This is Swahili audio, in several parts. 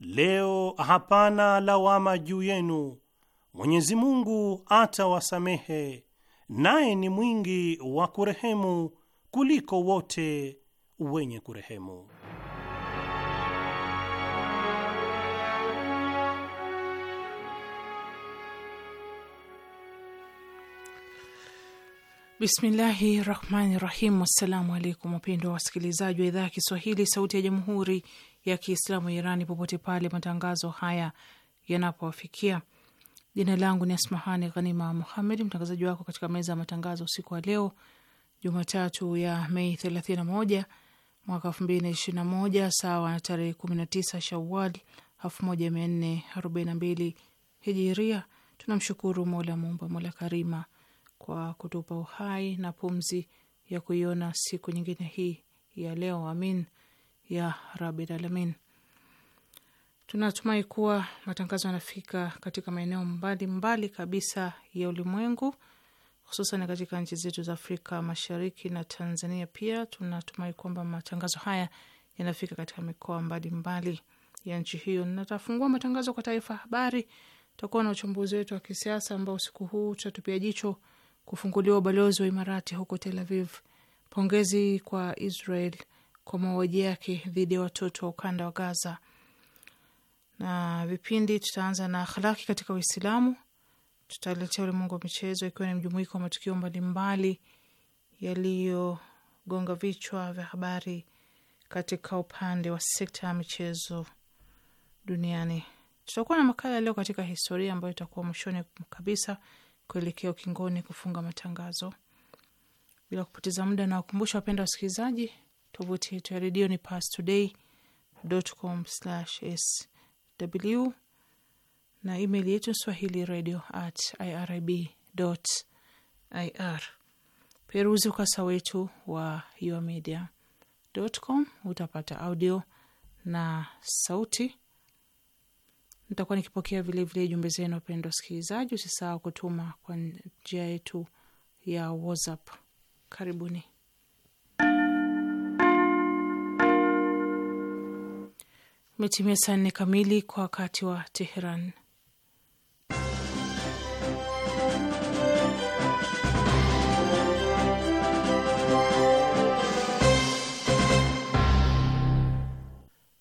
Leo hapana lawama juu yenu, Mwenyezi Mungu atawasamehe, naye ni mwingi wa kurehemu kuliko wote wenye kurehemu. Bismillahi rahmani rahim. Assalamu alaikum wapendwa wasikilizaji wa idhaa ya Kiswahili sauti ya jamhuri ya Kiislamu Irani popote pale matangazo haya yanapowafikia. Jina langu ni Asmahani Ghanima Muhammed, mtangazaji wako katika meza ya matangazo usiku wa leo Jumatatu ya Mei 31 mwaka 2021 sawa na tarehe 19 Shawal 1442 Hijiria. Tunamshukuru Mola Muumba, Mola Karima kwa kutupa uhai na pumzi ya kuiona siku nyingine hii ya leo. Amin ya rabil Alamin. Tunatumai kuwa matangazo yanafika katika maeneo mbalimbali kabisa ya ulimwengu, hususan katika nchi zetu za Afrika Mashariki na Tanzania pia. Tunatumai kwamba matangazo haya yanafika katika mikoa mbalimbali ya nchi hiyo. Natafungua matangazo kwa taarifa habari. Tutakuwa na uchambuzi wetu wa kisiasa ambao usiku huu tutatupia jicho kufunguliwa ubalozi wa Imarati huko Tel Aviv, pongezi kwa Israel kwa mauaji yake dhidi ya watoto wa ukanda wa Gaza na vipindi. Tutaanza na akhlaki katika Uislamu, tutaletea ulimwengu wa michezo, ikiwa ni mjumuiko wa matukio mbalimbali yaliyogonga vichwa vya habari katika upande wa sekta ya michezo duniani. Tutakuwa na makala leo katika historia ambayo itakuwa mwishoni kabisa kuelekea ukingoni kufunga matangazo. Bila kupoteza muda, na wakumbusha wapenda wasikilizaji Tovuti yetu ya redio ni pastoday.com/sw na email yetu swahili radio at irib ir. Peruzi ukasa wetu wa com, utapata audio na sauti. Nitakuwa nikipokea vilevile jumbe zenu, wapendwa wasikilizaji. Usisahau kutuma kwa njia yetu ya WhatsApp. Karibuni. Imetimia saa nne kamili kwa wakati wa Teheran.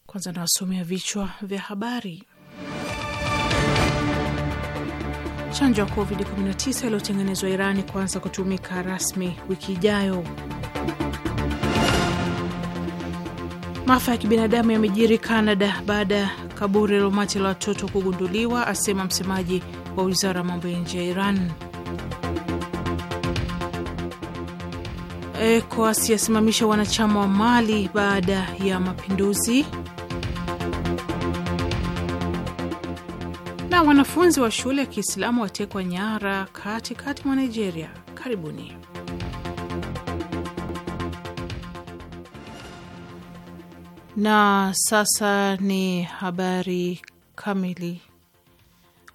Kwanza nawasomea vichwa vya habari. Chanjo ya COVID-19 iliyotengenezwa Irani kuanza kutumika rasmi wiki ijayo. Maafa ya kibinadamu yamejiri Canada baada ya kaburi la umati la watoto kugunduliwa, asema msemaji wa wizara ya mambo ya nje ya Iran. ECOWAS yasimamisha wanachama wa Mali baada ya mapinduzi. Na wanafunzi wa shule ya Kiislamu watekwa nyara katikati mwa Nigeria. Karibuni. Na sasa ni habari kamili.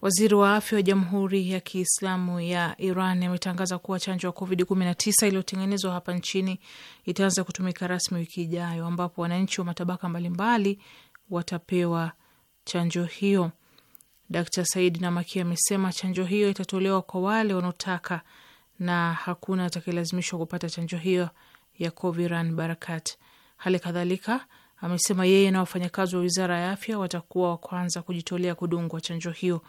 Waziri wa afya wa Jamhuri ya Kiislamu ya Iran ametangaza kuwa chanjo ya COVID-19 iliyotengenezwa hapa nchini itaanza kutumika rasmi wiki ijayo, ambapo wananchi wa matabaka mbalimbali watapewa chanjo hiyo. Dkt Said Namaki amesema chanjo hiyo itatolewa kwa wale wanaotaka na hakuna atakayelazimishwa kupata chanjo hiyo ya Coviran Barakat. Hali kadhalika amesema yeye na wafanyakazi wa wizara ya afya watakuwa wa kwanza kujitolea kudungwa chanjo hiyo.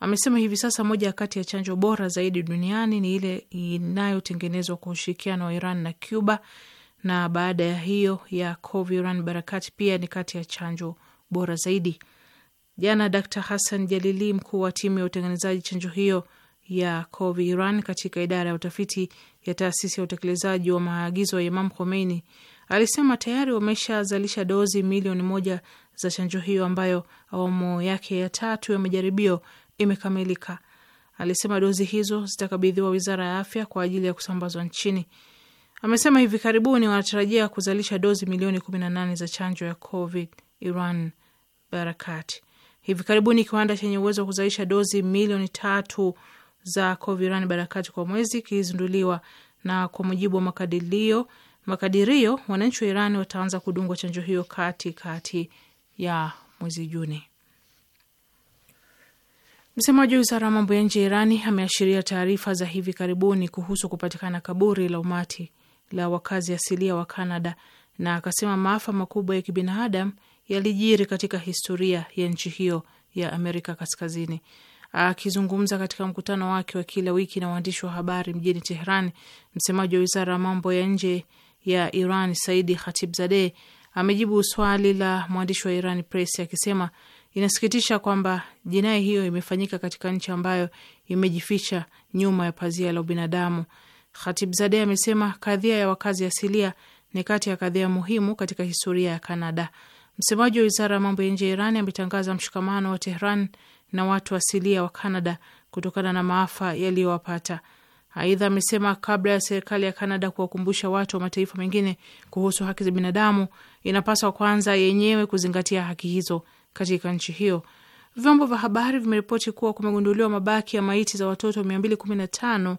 Amesema hivi sasa moja kati ya chanjo bora zaidi duniani ni ile inayotengenezwa kwa ushirikiano wa Iran na Cuba, na baada ya hiyo ya Coviran Barakat pia ni kati ya chanjo bora zaidi. Jana Dr Hassan Jalili, mkuu wa timu ya utengenezaji chanjo hiyo ya Coviran katika idara ya utafiti ya taasisi ya utekelezaji wa maagizo ya Imam Khomeini alisema tayari wameshazalisha dozi milioni moja za chanjo hiyo ambayo awamu yake ya tatu ya majaribio imekamilika. Alisema dozi hizo zitakabidhiwa wizara ya afya kwa ajili ya kusambazwa nchini. Amesema hivi karibuni wanatarajia kuzalisha dozi milioni 18 za chanjo ya Covid Iran Barakat. Hivi karibuni kiwanda chenye uwezo wa kuzalisha dozi milioni tatu za Iran Barakati kwa mwezi kilizinduliwa, na kwa mujibu wa makadirio Makadirio wananchi wa Iran wataanza kudungwa chanjo hiyo kati kati ya mwezi Juni. Msemaji wa wizara ya mambo ya nje ya Irani ameashiria taarifa za hivi karibuni kuhusu kupatikana kaburi la umati la wakazi asilia wa Kanada na akasema maafa makubwa ya kibinadamu yalijiri katika historia ya nchi hiyo ya Amerika Kaskazini. Akizungumza katika mkutano wake wa kila wiki na waandishi wa habari mjini Tehran, msemaji wa wizara ya mambo ya nje ya Iran Saidi Khatibzadeh amejibu swali la mwandishi wa Iran Press akisema inasikitisha kwamba jinai hiyo imefanyika katika nchi ambayo imejificha nyuma ya pazia la ubinadamu. zade amesema kadhia ya wakazi asilia ni kati ya kadhia muhimu katika historia ya Kanada. Msemaji wa wizara ya mambo ya nje ya Iran ametangaza mshikamano wa Tehran na watu asilia wa Kanada kutokana na maafa yaliyowapata. Aidha amesema kabla ya serikali ya Kanada kuwakumbusha watu wa mataifa mengine kuhusu haki za binadamu, inapaswa kwanza yenyewe kuzingatia haki hizo katika nchi hiyo. Vyombo vya habari vimeripoti kuwa kumegunduliwa mabaki ya maiti za watoto 215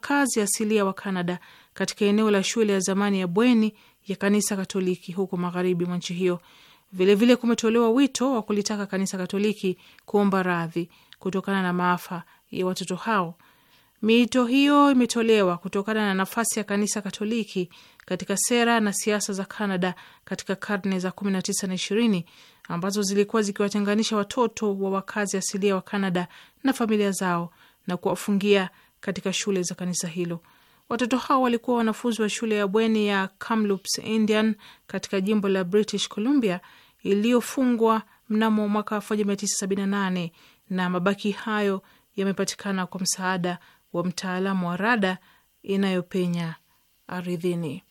kazi asilia wa Kanada katika eneo la shule ya zamani ya bweni ya kanisa Katoliki huko magharibi mwa nchi hiyo. Vilevile kumetolewa wito wa kulitaka kanisa Katoliki kuomba radhi kutokana na maafa ya watoto hao. Miito hiyo imetolewa kutokana na nafasi ya kanisa Katoliki katika sera na siasa za canada katika karne za 19 na 20 ambazo zilikuwa zikiwatenganisha watoto wa wakazi asilia wa canada na familia zao na kuwafungia katika shule za kanisa hilo. Watoto hao walikuwa wanafunzi wa shule ya bweni ya Kamloops Indian katika jimbo la British Columbia iliyofungwa mnamo mwaka 1978 na mabaki hayo yamepatikana kwa msaada wa mtaalamu wa rada inayopenya ardhini.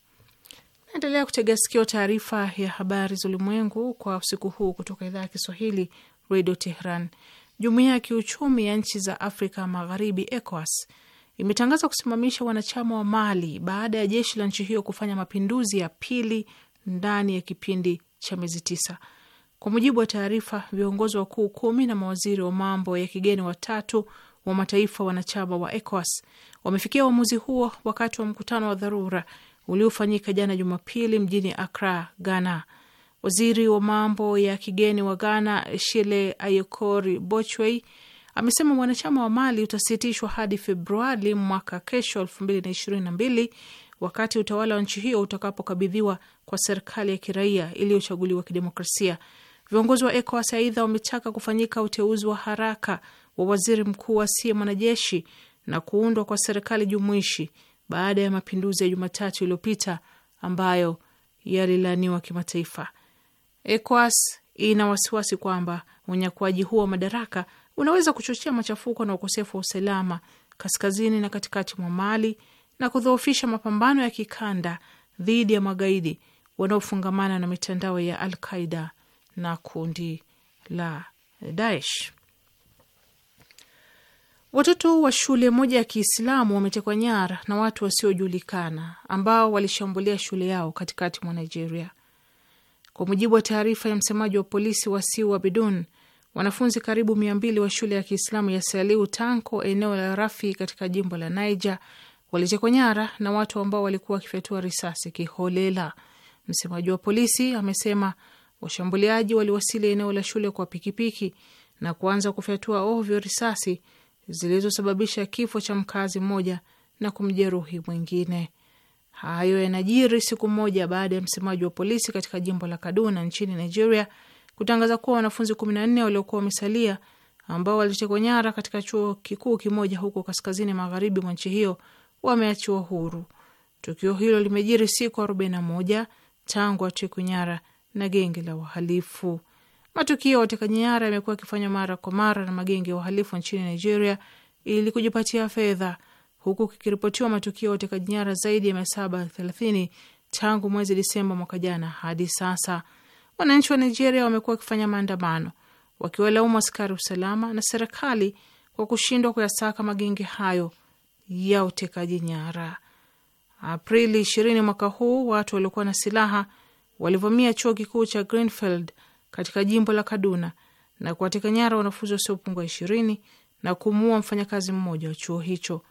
Naendelea kutega sikio taarifa ya habari za ulimwengu kwa usiku huu kutoka idhaa ya Kiswahili Radio Tehran. Jumuiya ya kiuchumi ya nchi za Afrika Magharibi, ECOWAS, imetangaza kusimamisha wanachama wa Mali baada ya jeshi la nchi hiyo kufanya mapinduzi ya pili ndani ya kipindi cha miezi tisa. Kwa mujibu wa taarifa, viongozi wakuu kumi na mawaziri wa mambo ya kigeni watatu wa mataifa wanachama wa ECOWAS wamefikia uamuzi huo wakati wa mkutano wa dharura uliofanyika jana Jumapili mjini acra Ghana. Waziri wa mambo ya kigeni wa Ghana Shile Ayokori Bochwei, amesema mwanachama wa Mali utasitishwa hadi Februari mwaka kesho 222 wakati utawala wa nchi hiyo utakapokabidhiwa kwa serikali ya kiraia iliyochaguliwa kidemokrasia. Viongozi wa ECOWAS aidha wametaka kufanyika uteuzi wa haraka wa waziri mkuu asiye mwanajeshi na kuundwa kwa serikali jumuishi baada ya mapinduzi ya Jumatatu iliyopita ambayo yalilaniwa kimataifa. ECOWAS ina wasiwasi kwamba unyakuaji huo wa madaraka unaweza kuchochea machafuko na ukosefu wa usalama kaskazini na katikati mwa Mali na kudhoofisha mapambano ya kikanda dhidi ya magaidi wanaofungamana na mitandao ya Al Qaida na kundi la Daesh. Watoto wa shule moja ya Kiislamu wametekwa nyara na watu wasiojulikana ambao walishambulia shule yao katikati mwa Nigeria. Kwa mujibu wa taarifa ya msemaji wa polisi wa Siwa Bidun, wanafunzi karibu mia mbili wa shule ya Kiislamu ya Saliu Tanko, eneo la Rafi katika jimbo la Niger, walitekwa nyara na watu ambao walikuwa wakifyatua risasi kiholela. Msemaji wa polisi amesema washambuliaji waliwasili eneo la shule kwa pikipiki na kuanza kufyatua ovyo risasi zilizosababisha kifo cha mkazi mmoja na kumjeruhi mwingine. Hayo yanajiri siku moja baada ya msemaji wa polisi katika jimbo la Kaduna nchini Nigeria kutangaza kuwa wanafunzi nne waliokuwa wamesalia ambao walitekwa nyara katika chuo kikuu kimoja huko kaskazini magharibi mwa nchi hiyo wameachiwa huru. Tukio hilo limejiri siku moja tangu atekwe nyara na genge la wahalifu. Matukio ya utekaji nyara yamekuwa yakifanywa mara kwa mara na magenge ya uhalifu nchini Nigeria ili kujipatia fedha, huku kikiripotiwa matukio ya utekaji nyara zaidi ya mia saba thelathini tangu mwezi Disemba mwaka jana hadi sasa. Wananchi wa Nigeria wamekuwa wakifanya maandamano wakiwalaumu askari usalama na serikali kwa kushindwa kuyasaka magenge hayo ya utekaji nyara. Aprili 20 mwaka huu, watu waliokuwa na silaha walivamia chuo kikuu cha Greenfield katika jimbo la Kaduna na kuwateka nyara wanafunzi wasiopungua ishirini na kumuua mfanyakazi mmoja wa chuo hicho.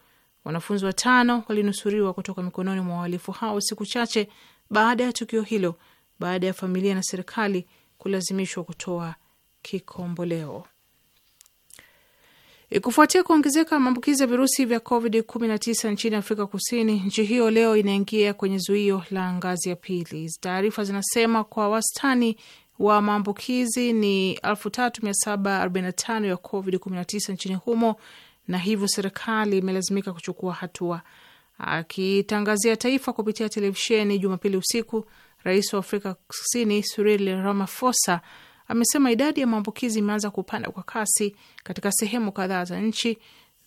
Wanafunzi watano walinusuriwa kutoka mikononi mwa wahalifu hao siku chache baada ya tukio hilo, baada ya familia na serikali kulazimishwa kutoa kikomboleo. Kufuatia kuongezeka maambukizi ya virusi vya Covid 19 nchini Afrika Kusini, nchi hiyo leo inaingia kwenye zuio la ngazi ya pili. Taarifa zinasema kwa wastani wa maambukizi ni 3745 ya COVID-19 nchini humo, na hivyo serikali imelazimika kuchukua hatua. Akitangazia taifa kupitia televisheni Jumapili usiku, rais wa Afrika Kusini Cyril Ramaphosa amesema idadi ya maambukizi imeanza kupanda kwa kasi katika sehemu kadhaa za nchi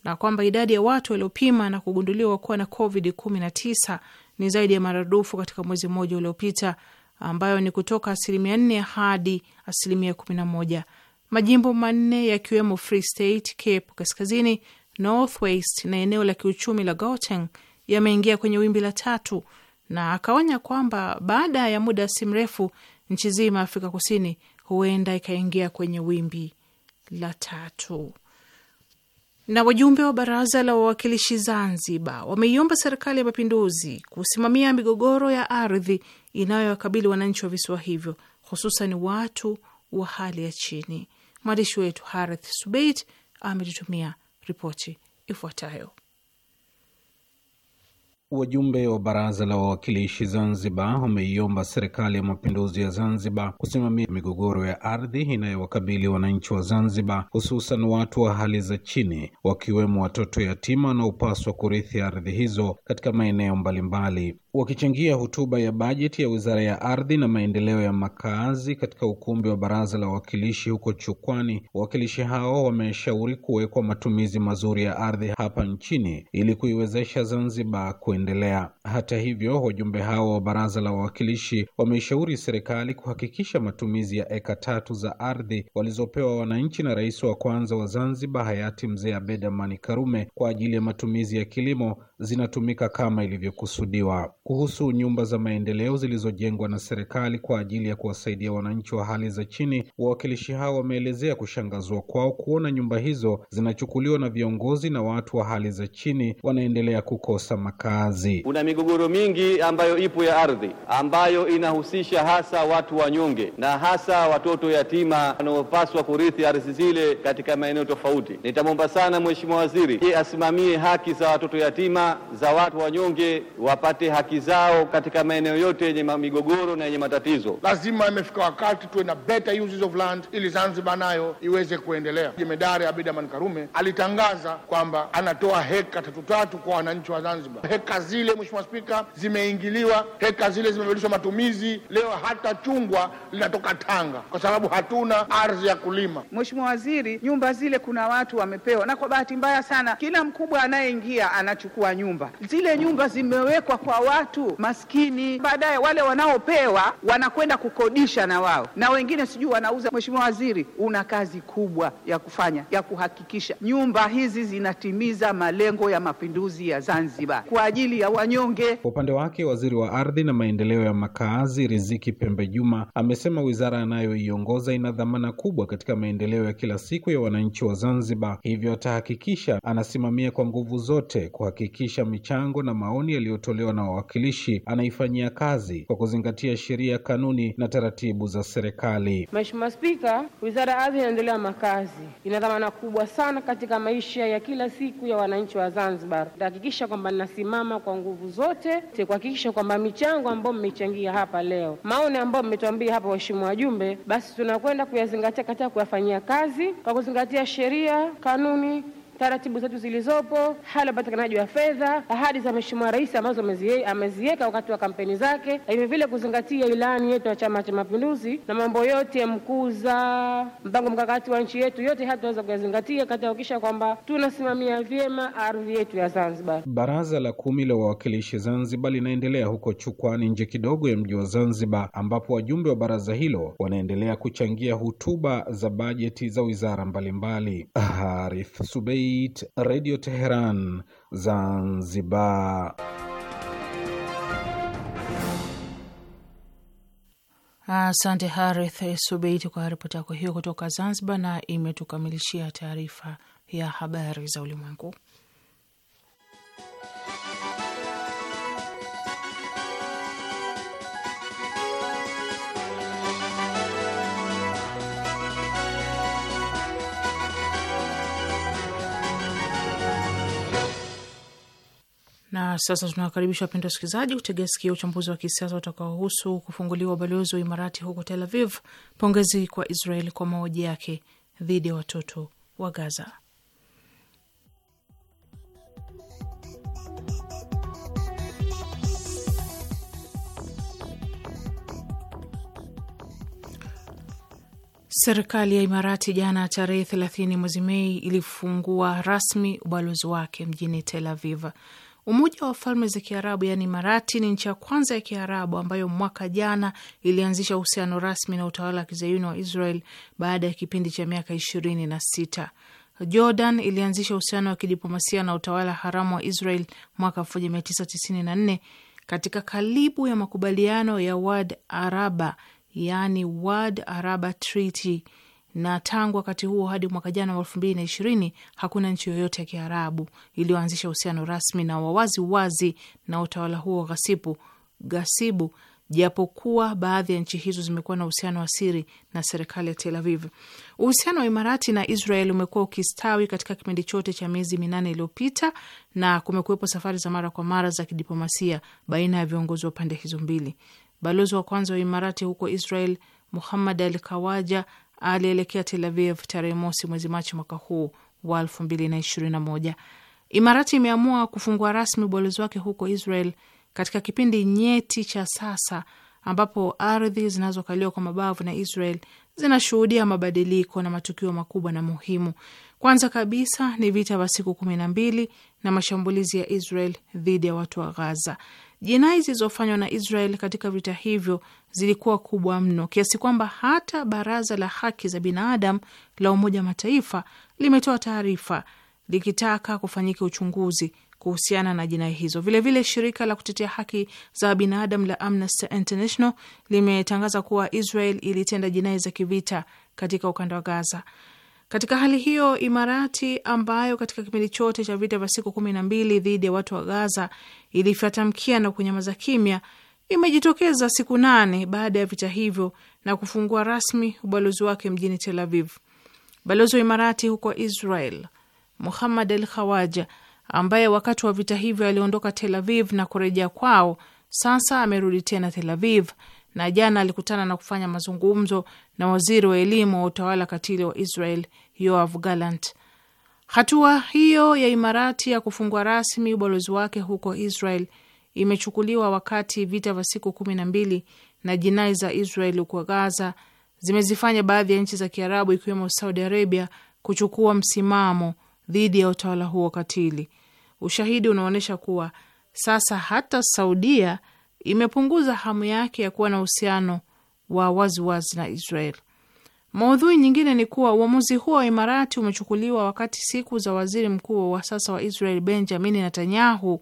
na kwamba idadi ya watu waliopima na kugunduliwa kuwa na COVID-19 ni zaidi ya maradufu katika mwezi mmoja uliopita ambayo ni kutoka asilimia nne hadi asilimia kumi na moja. Majimbo manne yakiwemo Free State, Cape Kaskazini, Northwest na eneo la kiuchumi la Gauteng yameingia kwenye wimbi la tatu, na akaonya kwamba baada ya muda si mrefu nchi zima Afrika Kusini huenda ikaingia kwenye wimbi la tatu. Na wajumbe wa baraza la wawakilishi Zanzibar wameiomba serikali ya mapinduzi kusimamia migogoro ya ardhi inayowakabili wananchi wa visiwa hivyo, hususan watu wa hali ya chini. Mwandishi wetu Harith Subeit ametutumia ripoti ifuatayo. Wajumbe wa baraza la wawakilishi Zanzibar wameiomba serikali ya mapinduzi ya Zanzibar kusimamia migogoro ya ardhi inayowakabili wananchi wa Zanzibar, hususan watu wa hali za chini, wakiwemo watoto yatima wanaopaswa kurithi ardhi hizo katika maeneo mbalimbali. Wakichangia hotuba ya bajeti ya Wizara ya Ardhi na Maendeleo ya Makazi katika ukumbi wa Baraza la Wawakilishi huko Chukwani, wawakilishi hao wameshauri kuwekwa matumizi mazuri ya ardhi hapa nchini ili kuiwezesha Zanzibar kuendelea. Hata hivyo, wajumbe hao wa Baraza la Wawakilishi wameishauri serikali kuhakikisha matumizi ya eka tatu za ardhi walizopewa wananchi na rais wa kwanza wa Zanzibar hayati Mzee Abed Amani Karume kwa ajili ya matumizi ya kilimo zinatumika kama ilivyokusudiwa. Kuhusu nyumba za maendeleo zilizojengwa na serikali kwa ajili ya kuwasaidia wananchi wa hali za chini, wawakilishi hao wameelezea kushangazwa kwao kuona nyumba hizo zinachukuliwa na viongozi na watu wa hali za chini wanaendelea kukosa makazi. Kuna migogoro mingi ambayo ipo ya ardhi ambayo inahusisha hasa watu wanyonge na hasa watoto yatima wanaopaswa kurithi ardhi zile katika maeneo tofauti. Nitamwomba sana Mheshimiwa Waziri asimamie haki za watoto yatima za watu wanyonge wapate haki zao katika maeneo yote yenye migogoro na yenye matatizo. Lazima imefika wakati tuwe na better uses of land ili Zanzibar nayo iweze kuendelea. Jemedari Abid Aman Karume alitangaza kwamba anatoa heka tatu tatu kwa wananchi wa Zanzibar. Heka zile, Mheshimiwa Spika, zimeingiliwa, heka zile zimebadilishwa matumizi. Leo hata chungwa linatoka Tanga kwa sababu hatuna ardhi ya kulima. Mheshimiwa Waziri, nyumba zile kuna watu wamepewa, na kwa bahati mbaya sana kila mkubwa anayeingia anachukua nyumba. Zile nyumba zimewekwa kwa watu maskini, baadaye wale wanaopewa wanakwenda kukodisha na wao, na wengine sijui wanauza. Mheshimiwa Waziri, una kazi kubwa ya kufanya ya kuhakikisha nyumba hizi zinatimiza malengo ya mapinduzi ya Zanzibar kwa ajili ya wanyonge. Kwa upande wake, waziri wa ardhi na maendeleo ya makaazi Riziki Pembe Juma amesema wizara anayoiongoza ina dhamana kubwa katika maendeleo ya kila siku ya wananchi wa Zanzibar, hivyo atahakikisha anasimamia kwa nguvu zote kuhakikisha kuhakikisha michango na maoni yaliyotolewa na wawakilishi anaifanyia kazi kwa kuzingatia sheria, kanuni na taratibu za serikali. Mheshimiwa Spika, Wizara ya Ardhi inaendelea makazi ina dhamana kubwa sana katika maisha ya kila siku ya wananchi wa Zanzibar. Nitahakikisha kwamba ninasimama kwa nguvu zote kuhakikisha kwamba michango ambayo mmechangia hapa leo, maoni ambayo mmetuambia hapa, waheshimiwa wajumbe, basi tunakwenda kuyazingatia katika kuyafanyia kazi kwa kuzingatia sheria, kanuni taratibu zetu zilizopo, hali ya upatikanaji wa fedha, ahadi za Mheshimiwa Rais ambazo ameziweka wakati wa kampeni zake, hivi vile kuzingatia ilani yetu ya Chama cha Mapinduzi na mambo yote ya mkuza mpango mkakati wa nchi yetu, yote hata tunaweza kuyazingatia katika kuhakikisha kwamba tunasimamia vyema ardhi yetu ya Zanzibar. Baraza la kumi la wawakilishi Zanzibar linaendelea huko Chukwani, nje kidogo ya mji wa Zanzibar, ambapo wajumbe wa baraza hilo wanaendelea kuchangia hutuba za bajeti za wizara mbalimbali. Harith Subei Beit, Radio Teheran Zanzibar. Asante Harith subeit kwa ripoti yako hiyo kutoka Zanzibar, na imetukamilishia taarifa ya habari za ulimwengu. Na sasa tunawakaribisha wapenda wasikilizaji kutegea sikio uchambuzi wa kisiasa utakaohusu kufunguliwa ubalozi wa Imarati huko Tel Aviv, pongezi kwa israel kwa mauaji yake dhidi ya watoto wa Gaza. Serikali ya Imarati jana tarehe 30 mwezi Mei ilifungua rasmi ubalozi wake mjini Tel Aviv. Umoja wa Falme za Kiarabu yaani marati ni nchi ya kwanza ya Kiarabu ambayo mwaka jana ilianzisha uhusiano rasmi na utawala wa kizayuni wa Israel baada ya kipindi cha miaka ishirini na sita. Jordan ilianzisha uhusiano wa kidiplomasia na utawala haramu wa Israel mwaka nne katika kalibu ya makubaliano ya Wad Araba yaani Wad Araba Treaty na tangu wakati huo hadi mwaka jana wa elfu mbili na ishirini hakuna nchi yoyote ya Kiarabu iliyoanzisha uhusiano rasmi na wawazi wazi na utawala huo ghasibu ghasibu, japokuwa baadhi ya nchi hizo zimekuwa na uhusiano wa siri na serikali ya Tel Aviv. Uhusiano wa Imarati na Israel umekuwa ukistawi katika kipindi chote cha miezi minane iliyopita, na kumekuwepo safari za mara kwa mara za kidiplomasia baina ya viongozi wa pande hizo mbili. Balozi wa kwanza wa Imarati huko Israel Muhammad Al Kawaja alielekea Tel Aviv tarehe mosi mwezi Machi mwaka huu wa elfu mbili na ishirini na moja. Imarati imeamua kufungua rasmi ubalozi wake huko Israel katika kipindi nyeti cha sasa ambapo ardhi zinazokaliwa kwa mabavu na Israel zinashuhudia mabadiliko na matukio makubwa na muhimu. Kwanza kabisa ni vita vya siku kumi na mbili na mashambulizi ya Israel dhidi ya watu wa Gaza. Jinai zilizofanywa na Israel katika vita hivyo zilikuwa kubwa mno kiasi kwamba hata Baraza la Haki za Binadamu la Umoja wa Mataifa limetoa taarifa likitaka kufanyika uchunguzi kuhusiana na jinai hizo. Vilevile vile shirika la kutetea haki za binadamu la Amnesty International limetangaza kuwa Israel ilitenda jinai za kivita katika ukanda wa Gaza. Katika hali hiyo, Imarati ambayo katika kipindi chote cha vita vya siku kumi na mbili dhidi ya watu wa Gaza ilifatamkia na kunyamaza kimya imejitokeza siku nane baada ya vita hivyo na kufungua rasmi ubalozi wake mjini Tel Aviv. Balozi wa Imarati huko Israel Muhammad al Khawaja, ambaye wakati wa vita hivyo aliondoka Tel Aviv na kurejea kwao, sasa amerudi tena Tel Aviv na jana alikutana na kufanya mazungumzo na waziri wa elimu wa utawala katili wa Israel Yoav Gallant. Hatua hiyo ya Imarati ya kufungua rasmi ubalozi wake huko Israel imechukuliwa wakati vita vya siku kumi na mbili na jinai za Israeli kwa Gaza zimezifanya baadhi ya nchi za Kiarabu ikiwemo Saudi Arabia kuchukua msimamo dhidi ya utawala huo katili. Ushahidi unaonyesha kuwa sasa hata Saudia imepunguza hamu yake ya kuwa na uhusiano wa waziwazi na Israel. Maudhui nyingine ni kuwa uamuzi huo wa Imarati umechukuliwa wakati siku za waziri mkuu wa sasa wa Israel Benjamin Netanyahu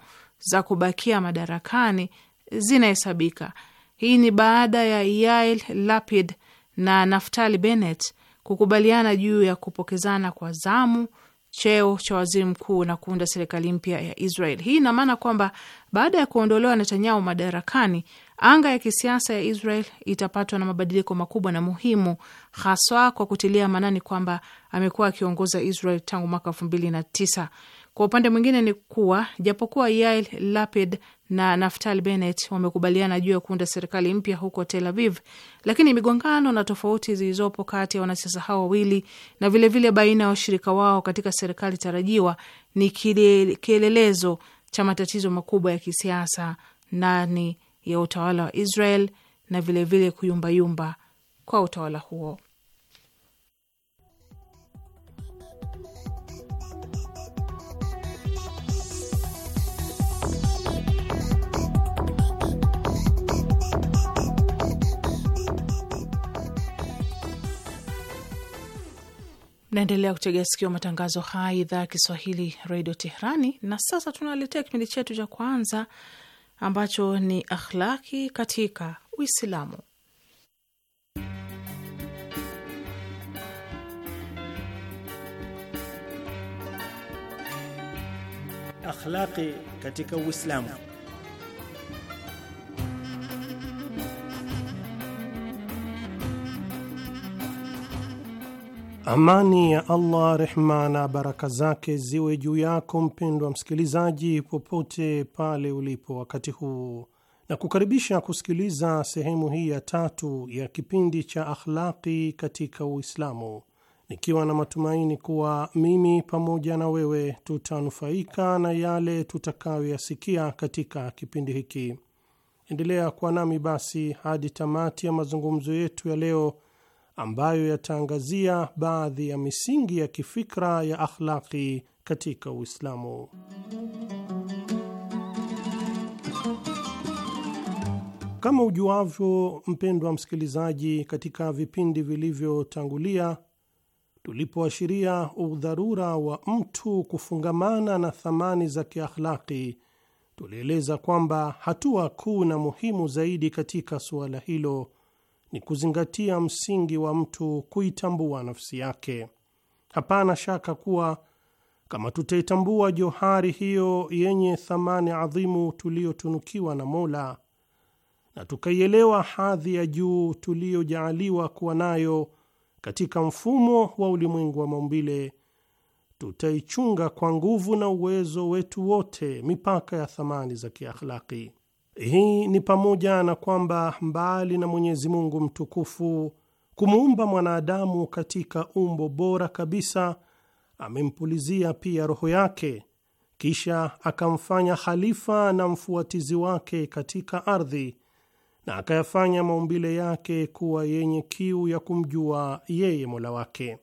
za kubakia madarakani zinahesabika. Hii ni baada ya Yail Lapid na Naftali Bennett kukubaliana juu ya kupokezana kwa zamu cheo cha waziri mkuu na kuunda serikali mpya ya Israel. Hii ina maana kwamba baada ya kuondolewa Netanyahu madarakani, anga ya kisiasa ya Israel itapatwa na mabadiliko makubwa na muhimu, haswa kwa kutilia maanani kwamba amekuwa akiongoza Israel tangu mwaka elfu mbili na tisa. Kwa upande mwingine ni kuwa japokuwa Yair Lapid na Naftali Bennett wamekubaliana juu ya kuunda serikali mpya huko Tel Aviv, lakini migongano na tofauti zilizopo kati ya wanasiasa hao wawili na vilevile vile baina ya washirika wao katika serikali tarajiwa ni kielelezo cha matatizo makubwa ya kisiasa ndani ya utawala wa Israel na vilevile kuyumbayumba kwa utawala huo. Naendelea kutegea sikio matangazo haya idhaa ya Kiswahili redio Teherani. Na sasa tunaletea kipindi chetu cha kwanza ambacho ni akhlaki katika Uislamu. Akhlaqi katika Uislamu. Amani ya Allah, rehma na baraka zake ziwe juu yako mpendwa msikilizaji, popote pale ulipo wakati huu, na kukaribisha kusikiliza sehemu hii ya tatu ya kipindi cha Akhlaqi katika Uislamu, nikiwa na matumaini kuwa mimi pamoja na wewe tutanufaika na yale tutakayoyasikia katika kipindi hiki. Endelea kuwa nami basi hadi tamati ya mazungumzo yetu ya leo ambayo yataangazia baadhi ya misingi ya kifikra ya akhlaki katika Uislamu. Kama ujuavyo, mpendwa msikilizaji, katika vipindi vilivyotangulia tulipoashiria udharura wa mtu kufungamana na thamani za kiakhlaki, tulieleza kwamba hatua kuu na muhimu zaidi katika suala hilo ni kuzingatia msingi wa mtu kuitambua nafsi yake. Hapana shaka kuwa kama tutaitambua johari hiyo yenye thamani adhimu tuliyotunukiwa na Mola na tukaielewa hadhi ya juu tuliyojaaliwa kuwa nayo katika mfumo wa ulimwengu wa maumbile, tutaichunga kwa nguvu na uwezo wetu wote mipaka ya thamani za kiakhlaki. Hii ni pamoja na kwamba mbali na Mwenyezi Mungu mtukufu kumuumba mwanadamu katika umbo bora kabisa, amempulizia pia roho yake, kisha akamfanya khalifa na mfuatizi wake katika ardhi, na akayafanya maumbile yake kuwa yenye kiu ya kumjua yeye Mola wake,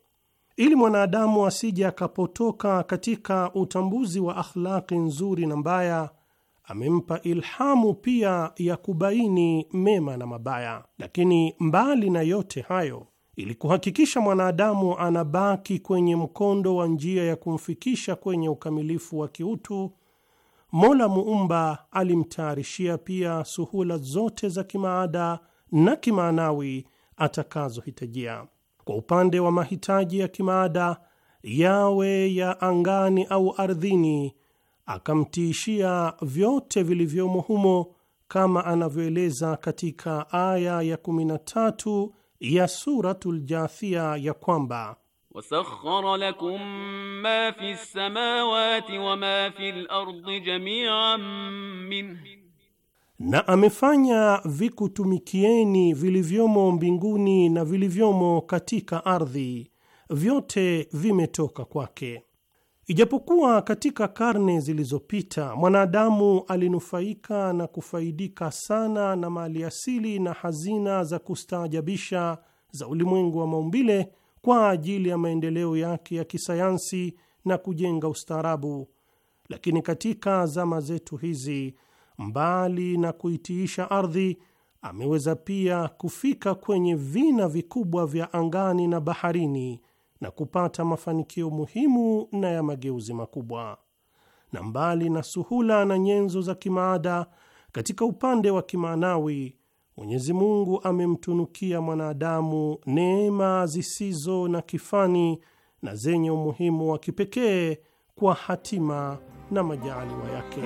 ili mwanadamu asije akapotoka katika utambuzi wa akhlaki nzuri na mbaya amempa ilhamu pia ya kubaini mema na mabaya. Lakini mbali na yote hayo, ili kuhakikisha mwanadamu anabaki kwenye mkondo wa njia ya kumfikisha kwenye ukamilifu wa kiutu, Mola Muumba alimtayarishia pia suhula zote za kimaada na kimaanawi atakazohitajia. Kwa upande wa mahitaji ya kimaada, yawe ya angani au ardhini akamtiishia vyote vilivyomo humo kama anavyoeleza katika aya ya 13 ya Suratul Jathia ya kwamba wasakhara lakum ma fi samawati wa ma fi al-ardi jami'an minhu, na amefanya vikutumikieni vilivyomo mbinguni na vilivyomo katika ardhi vyote vimetoka kwake. Ijapokuwa katika karne zilizopita mwanadamu alinufaika na kufaidika sana na mali asili na hazina za kustaajabisha za ulimwengu wa maumbile kwa ajili ya maendeleo yake ya kisayansi na kujenga ustaarabu, lakini katika zama zetu hizi, mbali na kuitiisha ardhi, ameweza pia kufika kwenye vina vikubwa vya angani na baharini na kupata mafanikio muhimu na ya mageuzi makubwa. Na mbali na suhula na nyenzo za kimaada, katika upande wa kimaanawi, Mwenyezi Mungu amemtunukia mwanadamu neema zisizo na kifani na zenye umuhimu wa kipekee kwa hatima na majaaliwa yake.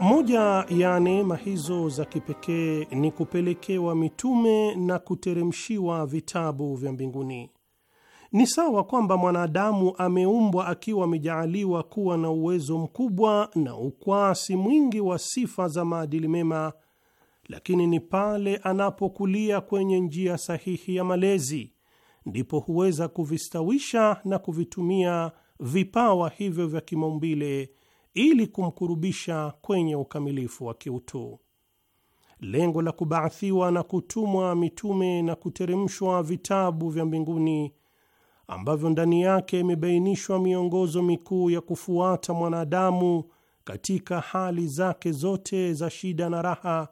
Moja ya neema hizo za kipekee ni kupelekewa mitume na kuteremshiwa vitabu vya mbinguni. Ni sawa kwamba mwanadamu ameumbwa akiwa amejaaliwa kuwa na uwezo mkubwa na ukwasi mwingi wa sifa za maadili mema, lakini ni pale anapokulia kwenye njia sahihi ya malezi ndipo huweza kuvistawisha na kuvitumia vipawa hivyo vya kimaumbile ili kumkurubisha kwenye ukamilifu wa kiutu. Lengo la kubaathiwa na kutumwa mitume na kuteremshwa vitabu vya mbinguni ambavyo ndani yake imebainishwa miongozo mikuu ya kufuata mwanadamu katika hali zake zote za shida na raha,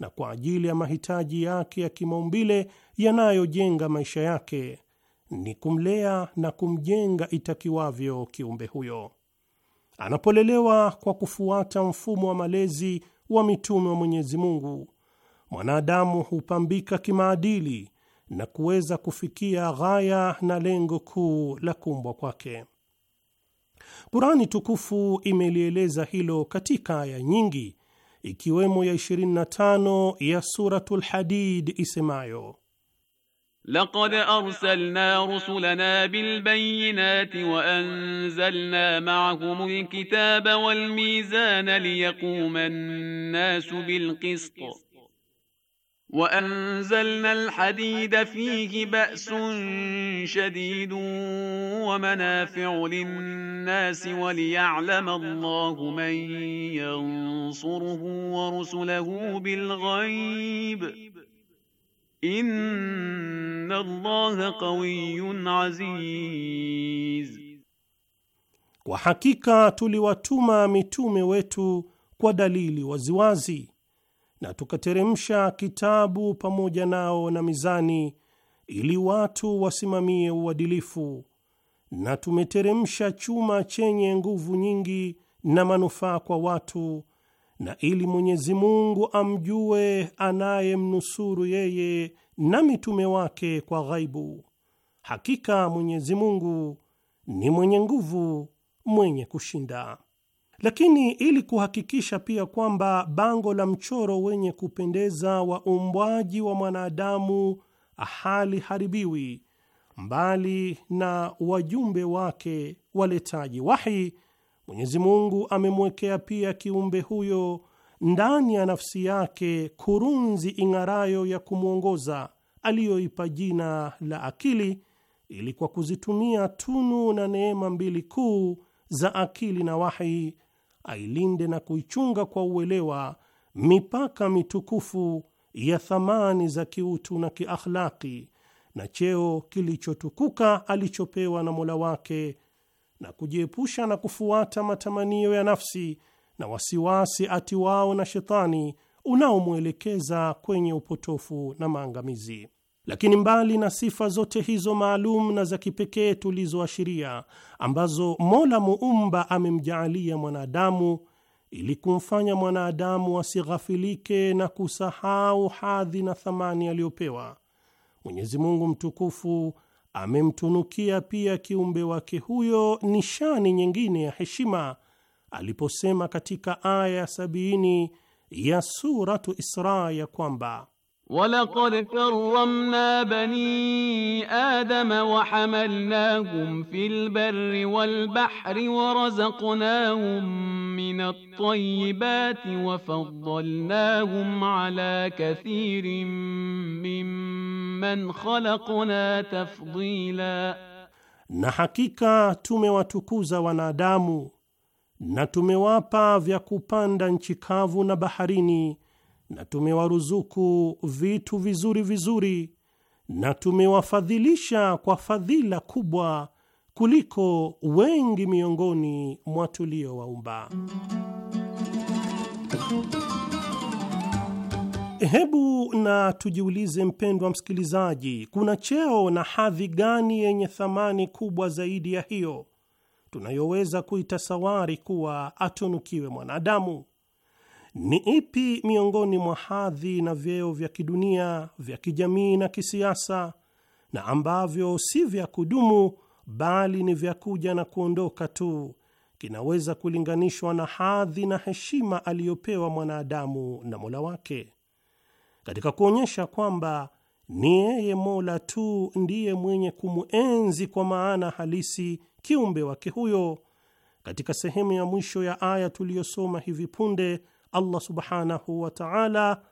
na kwa ajili ya mahitaji yake ya kimaumbile yanayojenga maisha yake, ni kumlea na kumjenga itakiwavyo kiumbe huyo anapolelewa kwa kufuata mfumo wa malezi wa mitume wa Mwenyezi Mungu, mwanadamu hupambika kimaadili na kuweza kufikia ghaya na lengo kuu la kumbwa kwake. Kurani tukufu imelieleza hilo katika aya nyingi, ikiwemo ya 25 ya Suratul Hadid isemayo لقد أرسلنا رسلنا بالبينات وأنزلنا معهم الكتاب والميزان ليقوم الناس بالقسط وأنزلنا الحديد فيه بأس شديد ومنافع للناس وليعلم الله من ينصره ورسله بالغيب Inna Allaha qawiyyun aziz, kwa hakika tuliwatuma mitume wetu kwa dalili waziwazi na tukateremsha kitabu pamoja nao na mizani ili watu wasimamie uadilifu, na tumeteremsha chuma chenye nguvu nyingi na manufaa kwa watu na ili Mwenyezi Mungu amjue anayemnusuru yeye na mitume wake kwa ghaibu. Hakika Mwenyezi Mungu ni mwenye nguvu, mwenye kushinda. Lakini ili kuhakikisha pia kwamba bango la mchoro wenye kupendeza wa umbwaji wa mwanadamu haribiwi mbali na wajumbe wake waletaji wahi Mwenyezi Mungu amemwekea pia kiumbe huyo ndani ya nafsi yake kurunzi ing'arayo ya kumwongoza aliyoipa jina la akili, ili kwa kuzitumia tunu na neema mbili kuu za akili na wahi ailinde na kuichunga kwa uelewa mipaka mitukufu ya thamani za kiutu na kiakhlaki na cheo kilichotukuka alichopewa na Mola wake na kujiepusha na kufuata matamanio ya nafsi na wasiwasi ati wao na shetani unaomwelekeza kwenye upotofu na maangamizi. Lakini mbali na sifa zote hizo maalum na za kipekee tulizoashiria, ambazo Mola Muumba amemjaalia mwanadamu ili kumfanya mwanadamu asighafilike na kusahau hadhi na thamani aliyopewa, Mwenyezi Mungu mtukufu amemtunukia pia kiumbe wake huyo nishani nyingine ya heshima aliposema katika aya ya sabini ya Suratu Isra ya kwamba Walaqad karramna bani adama wa hamalnahum fil barri wal bahri wa razaqnahum minat tayyibati wa faddalnahum ala kathirin mimman khalaqna tafdila, na hakika tumewatukuza wanadamu na tumewapa vya kupanda nchi kavu na baharini na tumewaruzuku vitu vizuri vizuri na tumewafadhilisha kwa fadhila kubwa kuliko wengi miongoni mwa tuliowaumba. Hebu na tujiulize, mpendwa msikilizaji, kuna cheo na hadhi gani yenye thamani kubwa zaidi ya hiyo tunayoweza kuitasawari kuwa atunukiwe mwanadamu? ni ipi miongoni mwa hadhi na vyeo vya kidunia, vya kijamii na kisiasa, na ambavyo si vya kudumu bali ni vya kuja na kuondoka tu, kinaweza kulinganishwa na hadhi na heshima aliyopewa mwanadamu na Mola wake, katika kuonyesha kwamba ni yeye Mola tu ndiye mwenye kumuenzi kwa maana halisi kiumbe wake huyo. Katika sehemu ya mwisho ya aya tuliyosoma hivi punde Allah subhanahu wa taala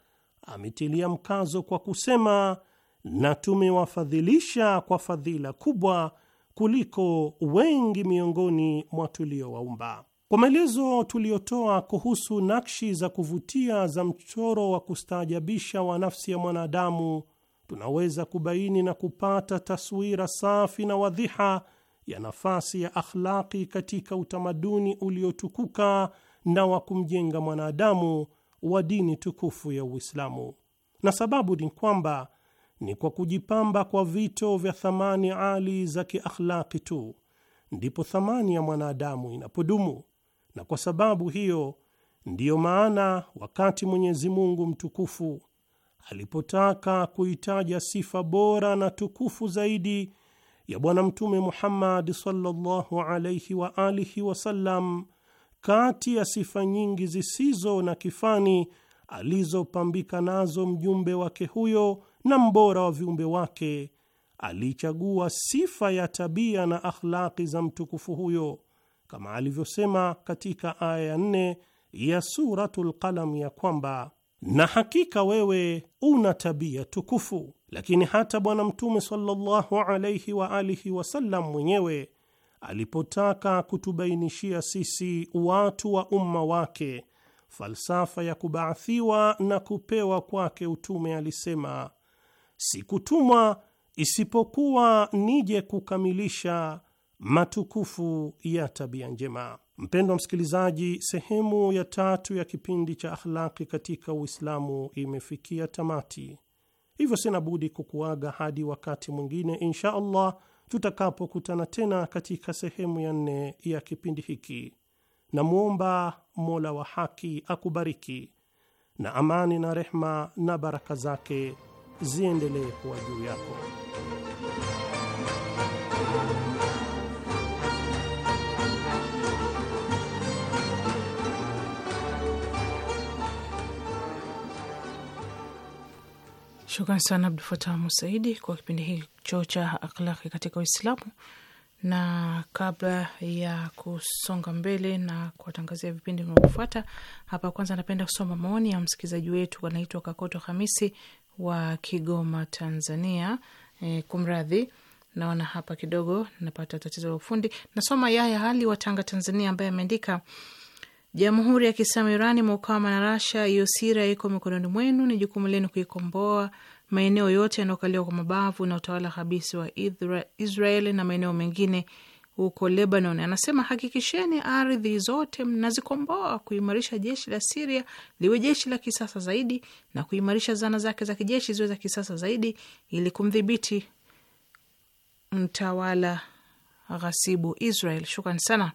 ametilia mkazo kwa kusema, na tumewafadhilisha kwa fadhila kubwa kuliko wengi miongoni mwa tuliowaumba. Kwa maelezo tuliyotoa kuhusu nakshi za kuvutia za mchoro wa kustaajabisha wa nafsi ya mwanadamu, tunaweza kubaini na kupata taswira safi na wadhiha ya nafasi ya akhlaqi katika utamaduni uliotukuka na wa kumjenga mwanadamu wa dini tukufu ya Uislamu, na sababu ni kwamba ni kwa kujipamba kwa vito vya thamani ali za kiakhlaki tu ndipo thamani ya mwanadamu inapodumu, na kwa sababu hiyo ndiyo maana wakati Mwenyezi Mungu mtukufu alipotaka kuitaja sifa bora na tukufu zaidi ya Bwana Mtume Muhammad sallallahu alaihi wa alihi wasallam kati ya sifa nyingi zisizo na kifani alizopambika nazo mjumbe wake huyo na mbora wa viumbe wake, alichagua sifa ya tabia na akhlaqi za mtukufu huyo, kama alivyosema katika aya ya nne ya Suratul Qalam ya kwamba na hakika wewe una tabia tukufu. Lakini hata Bwana Mtume sallallahu alaihi wa alihi wasallam mwenyewe alipotaka kutubainishia sisi watu wa umma wake falsafa ya kubaathiwa na kupewa kwake utume, alisema sikutumwa isipokuwa nije kukamilisha matukufu ya tabia njema. Mpendwa msikilizaji, sehemu ya tatu ya kipindi cha akhlaki katika Uislamu imefikia tamati, hivyo sina budi kukuaga hadi wakati mwingine insha Allah tutakapokutana tena katika sehemu ya nne ya kipindi hiki. Namwomba Mola wa haki akubariki, na amani na rehma na baraka zake ziendelee kuwa juu yako. Shukran sana Abdu Fatah Musaidi kwa kipindi hicho cha akhlaki katika Uislamu. Na kabla ya kusonga mbele na kuwatangazia vipindi vinavyofuata hapa, kwanza napenda kusoma maoni ya msikilizaji wetu anaitwa Kakoto Hamisi wa Kigoma, Tanzania. E, kumradhi naona hapa kidogo napata tatizo la ufundi. Nasoma Yaya Hali wa Tanga, Tanzania, ambaye ameandika Jamhuri ya Kiislamu Irani mukawama na Rasha sira iko mikononi mwenu, ni jukumu lenu kuikomboa maeneo yote yanayokaliwa kwa mabavu na utawala habisi wa Israeli na maeneo mengine huko Lebanon. Anasema hakikisheni ardhi zote mnazikomboa, kuimarisha jeshi la Siria liwe jeshi la kisasa zaidi na kuimarisha zana zake za kijeshi ziwe za kisasa zaidi, ili kumdhibiti mtawala ghasibu Israel. Shukran sana.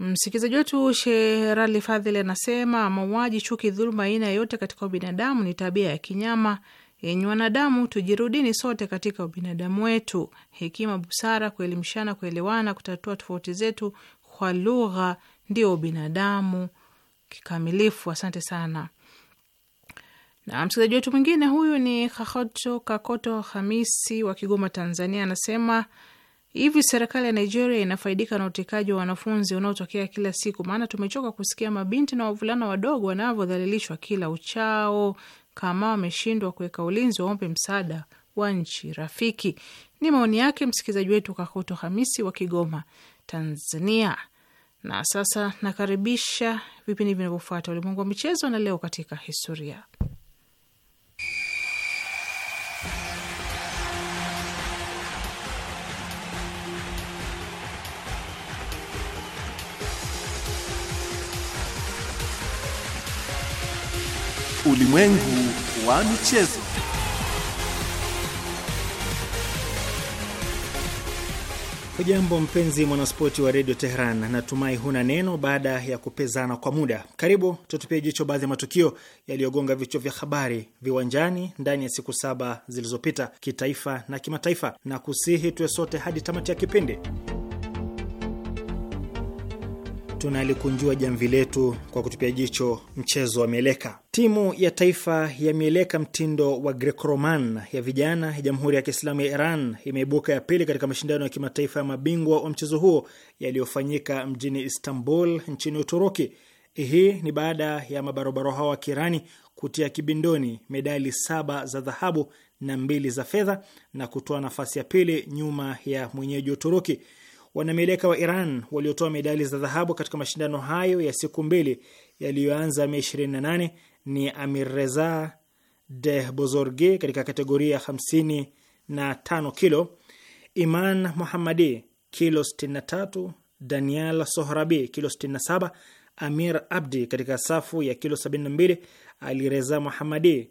Msikilizaji wetu Sherali Fadhili anasema mauaji, chuki, dhuluma aina yeyote katika ubinadamu ni tabia ya kinyama yenye wanadamu. Tujirudini sote katika ubinadamu wetu, hekima, busara, kuelimishana, kuelewana, kutatua tofauti zetu kwa lugha, ndio ubinadamu kikamilifu. Asante sana. Na msikilizaji wetu mwingine huyu ni Kakoto Kakoto Hamisi wa Kigoma, Tanzania, anasema Hivi serikali ya Nigeria inafaidika na utekaji wa wanafunzi unaotokea kila siku? Maana tumechoka kusikia mabinti na wavulana wadogo wanavyodhalilishwa kila uchao. Kama wameshindwa kuweka ulinzi, waombe msaada wa nchi rafiki. Ni maoni yake msikilizaji wetu Kakoto Hamisi wa Kigoma, Tanzania. Na sasa nakaribisha vipindi vinavyofuata, ulimwengu wa michezo na leo katika historia Ulimwengu wa michezo. Hujambo mpenzi mwanaspoti wa redio Teheran, natumai huna neno baada ya kupezana kwa muda. Karibu tutupie jicho baadhi ya matukio yaliyogonga vichwa vya habari viwanjani ndani ya siku saba zilizopita, kitaifa na kimataifa, na kusihi tuwe sote hadi tamati ya kipindi tunalikunjua jamvi letu kwa kutupia jicho mchezo wa mieleka. Timu ya taifa ya mieleka mtindo wa Greco-Roman ya vijana ya Jamhuri ya Kiislamu ya Iran imeibuka ya pili katika mashindano ya kimataifa ya mabingwa wa mchezo huo yaliyofanyika mjini Istanbul nchini Uturuki. Hii ni baada ya mabarobaro hao wa Kirani kutia kibindoni medali saba za dhahabu na mbili za fedha na kutoa nafasi ya pili nyuma ya mwenyeji Uturuki. Wanamieleka wa Iran waliotoa medali za dhahabu katika mashindano hayo ya siku mbili yaliyoanza Mei 28 ni Amir Reza bozorgi katika kategoria 55 kilo, Iman muhammadi kilo 63, Daniel Sohrabi kilo 67, Amir Abdi katika safu ya kilo 72, Alireza muhammadi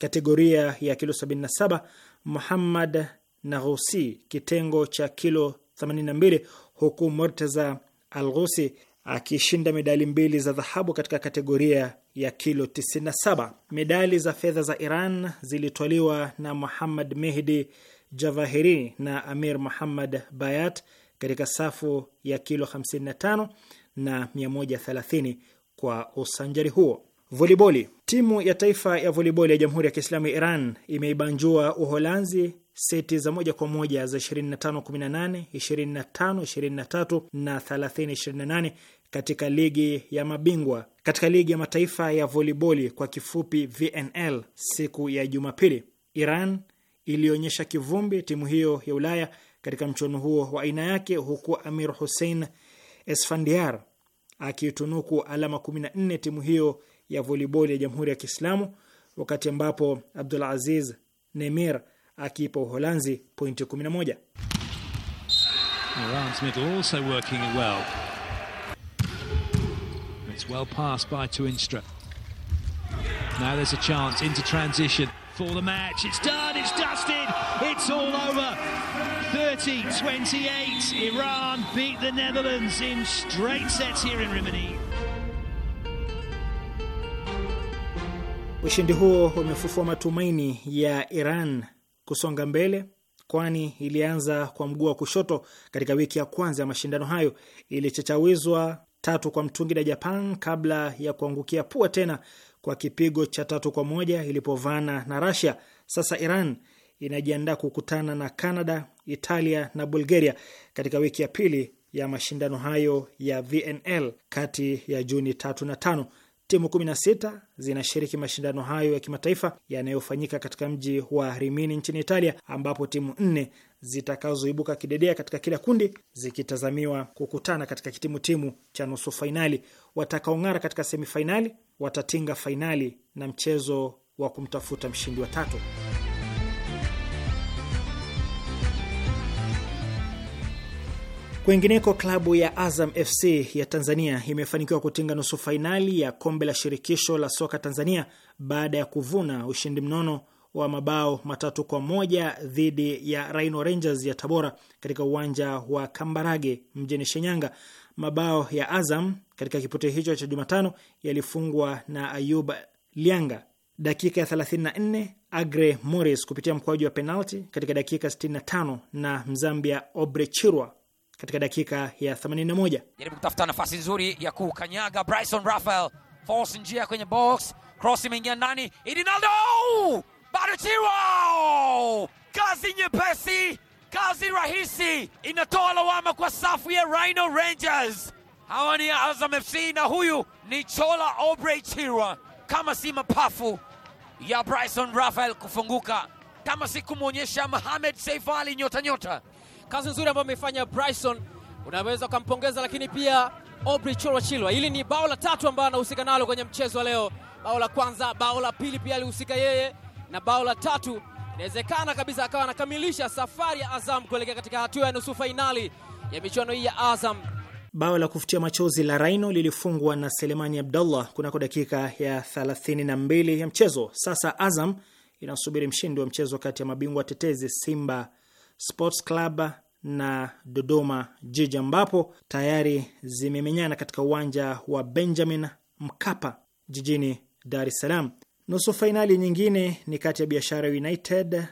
kategoria ya kilo 77, Muhammad Naghusi kitengo cha kilo 82 huku Murtaza Alghusi akishinda medali mbili za dhahabu katika kategoria ya kilo 97. Medali za fedha za Iran zilitwaliwa na Muhammad Mehdi Javahiri na Amir Muhammad Bayat katika safu ya kilo 55 na 130 kwa usanjari huo. Voliboli. Timu ya taifa ya voliboli ya Jamhuri ya Kiislamu ya Iran imeibanjua Uholanzi seti za moja kwa moja za 25 18, 25 23 na 30 28 katika ligi ya mabingwa katika ligi ya mataifa ya voliboli kwa kifupi VNL siku ya Jumapili. Iran ilionyesha kivumbi timu hiyo ya Ulaya katika mchuano huo wa aina yake, huku Amir Hussein Esfandiar akitunuku alama 14 timu hiyo ya voliboli ya Jamhuri ya Kiislamu, wakati ambapo Abdul Aziz Nemir akiipa Uholanzi pointi 11. Ushindi huo umefufua matumaini ya Iran kusonga mbele, kwani ilianza kwa mguu wa kushoto katika wiki ya kwanza ya mashindano hayo. Ilichachawizwa tatu kwa mtungi na Japan kabla ya kuangukia pua tena kwa kipigo cha tatu kwa moja ilipovana na rasia Sasa Iran inajiandaa kukutana na Canada, Italia na Bulgaria katika wiki ya pili ya mashindano hayo ya VNL kati ya Juni tatu na tano. Timu 16 zinashiriki mashindano hayo ya kimataifa yanayofanyika katika mji wa Rimini nchini Italia, ambapo timu nne zitakazoibuka kidedea katika kila kundi zikitazamiwa kukutana katika kitimutimu cha nusu fainali. Watakaong'ara katika semifainali watatinga fainali na mchezo wa kumtafuta mshindi wa tatu. Kwingineko, klabu ya Azam FC ya Tanzania imefanikiwa kutinga nusu fainali ya kombe la shirikisho la soka Tanzania baada ya kuvuna ushindi mnono wa mabao matatu kwa moja dhidi ya Rhino Rangers ya Tabora katika uwanja wa Kambarage mjini Shinyanga. Mabao ya Azam katika kipute hicho cha Jumatano yalifungwa na Ayub Lianga dakika ya 34, Agre Morris kupitia mkwaju wa penalti katika dakika 65 na Mzambia Obrechirwa katika dakika ya 81. Jaribu kutafuta nafasi nzuri ya kukanyaga Bryson Rafael. Force njia kwenye box, cross imeingia ndani. Idinaldo! Bado Chirwa! Kazi nyepesi, kazi rahisi. Inatoa lawama kwa safu ya Rhino Rangers. Hawa ni Azam FC na huyu ni Chola Obrey Chirwa. Kama si mapafu ya Bryson Rafael kufunguka, kama si kumwonyesha Mohamed Seif Ali nyota nyota kazi nzuri ambayo amefanya Bryson, unaweza ukampongeza, lakini pia Aubrey Chilwa. Hili ni bao la tatu ambayo anahusika nalo kwenye mchezo wa leo. Bao la kwanza, bao la pili pia alihusika yeye, na bao la tatu inawezekana kabisa akawa anakamilisha safari ya Azam kuelekea katika hatua ya nusu fainali ya michuano hii ya Azam. Bao la kufutia machozi la Rhino lilifungwa na Selemani Abdallah kunako dakika ya 32 ya mchezo. Sasa Azam inasubiri mshindi wa mchezo kati ya mabingwa tetezi Simba Sports Club na Dodoma Jiji, ambapo tayari zimemenyana katika uwanja wa Benjamin Mkapa jijini Dar es Salaam. Nusu fainali nyingine ni kati ya Biashara United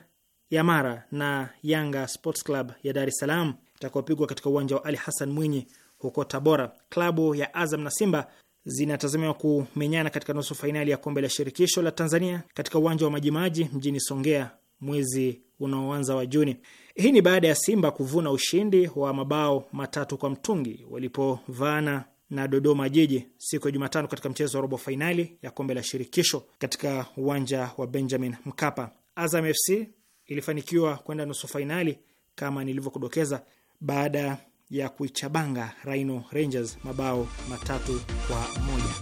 ya Mara na Yanga Sports Club ya Dar es Salaam itakaopigwa katika uwanja wa Ali Hassan Mwinyi huko Tabora. Klabu ya Azam na Simba zinatazamiwa kumenyana katika nusu fainali ya Kombe la Shirikisho la Tanzania katika uwanja wa Majimaji mjini Songea mwezi unaoanza wa Juni. Hii ni baada ya Simba kuvuna ushindi wa mabao matatu kwa mtungi walipovana na Dodoma Jiji siku ya Jumatano katika mchezo wa robo fainali ya kombe la shirikisho katika uwanja wa Benjamin Mkapa. Azam FC ilifanikiwa kwenda nusu fainali kama nilivyokudokeza, baada ya kuichabanga Rhino Rangers mabao matatu kwa moja.